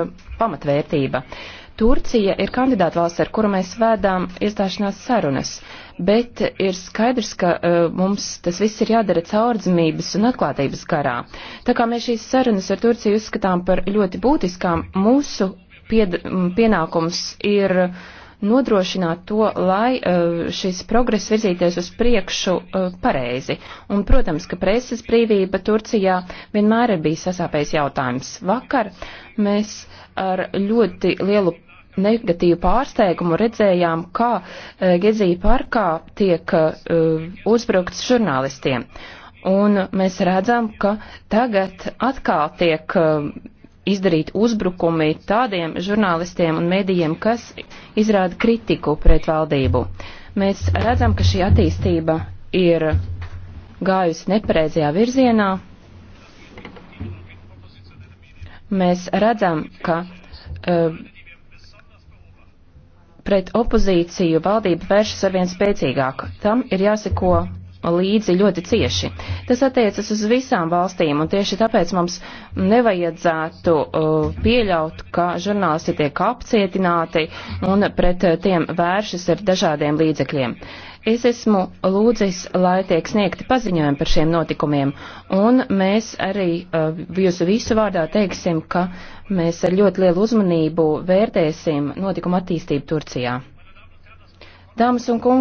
Uh, pamatvērtība. Turcija ir kandidāta valsts, ar kuru mēs vēdām iestāšanās sarunas, bet ir skaidrs, ka uh, mums tas viss ir jādara caurdzimības un atklātības garā. Tā kā mēs šīs sarunas ar Turciju uzskatām par ļoti būtiskām, mūsu pied, pienākums ir uh, nodrošināt to, lai uh, šis progress virzīties uz priekšu uh, pareizi. Un, protams, ka preses brīvība Turcijā vienmēr ir bijis sasāpējis jautājums. Vakar mēs ar ļoti lielu negatīvu pārsteigumu redzējām, kā uh, Gezija parkā tiek uzbrukts žurnālistiem. Un mēs redzam, ka tagad atkal tiek izdarīt uzbrukumi tādiem žurnālistiem un medijiem, kas izrāda kritiku pret valdību. Mēs redzam, ka šī attīstība ir gājusi nepareizajā virzienā. Mēs redzam, ka uh, pret opozīciju valdība vēršas arvien spēcīgāk. Tam ir jāseko līdzi ļoti cieši. Tas attiecas uz visām valstīm, un tieši tāpēc mums nevajadzētu uh, pieļaut, ka žurnālisti tiek apcietināti un pret tiem vēršas ar dažādiem līdzekļiem. Es esmu lūdzis, lai tiek sniegti paziņojumi par šiem notikumiem, un mēs arī uh, jūsu visu vārdā teiksim, ka mēs ar ļoti lielu uzmanību vērtēsim notikumu attīstību Turcijā. Dāmas un kungi!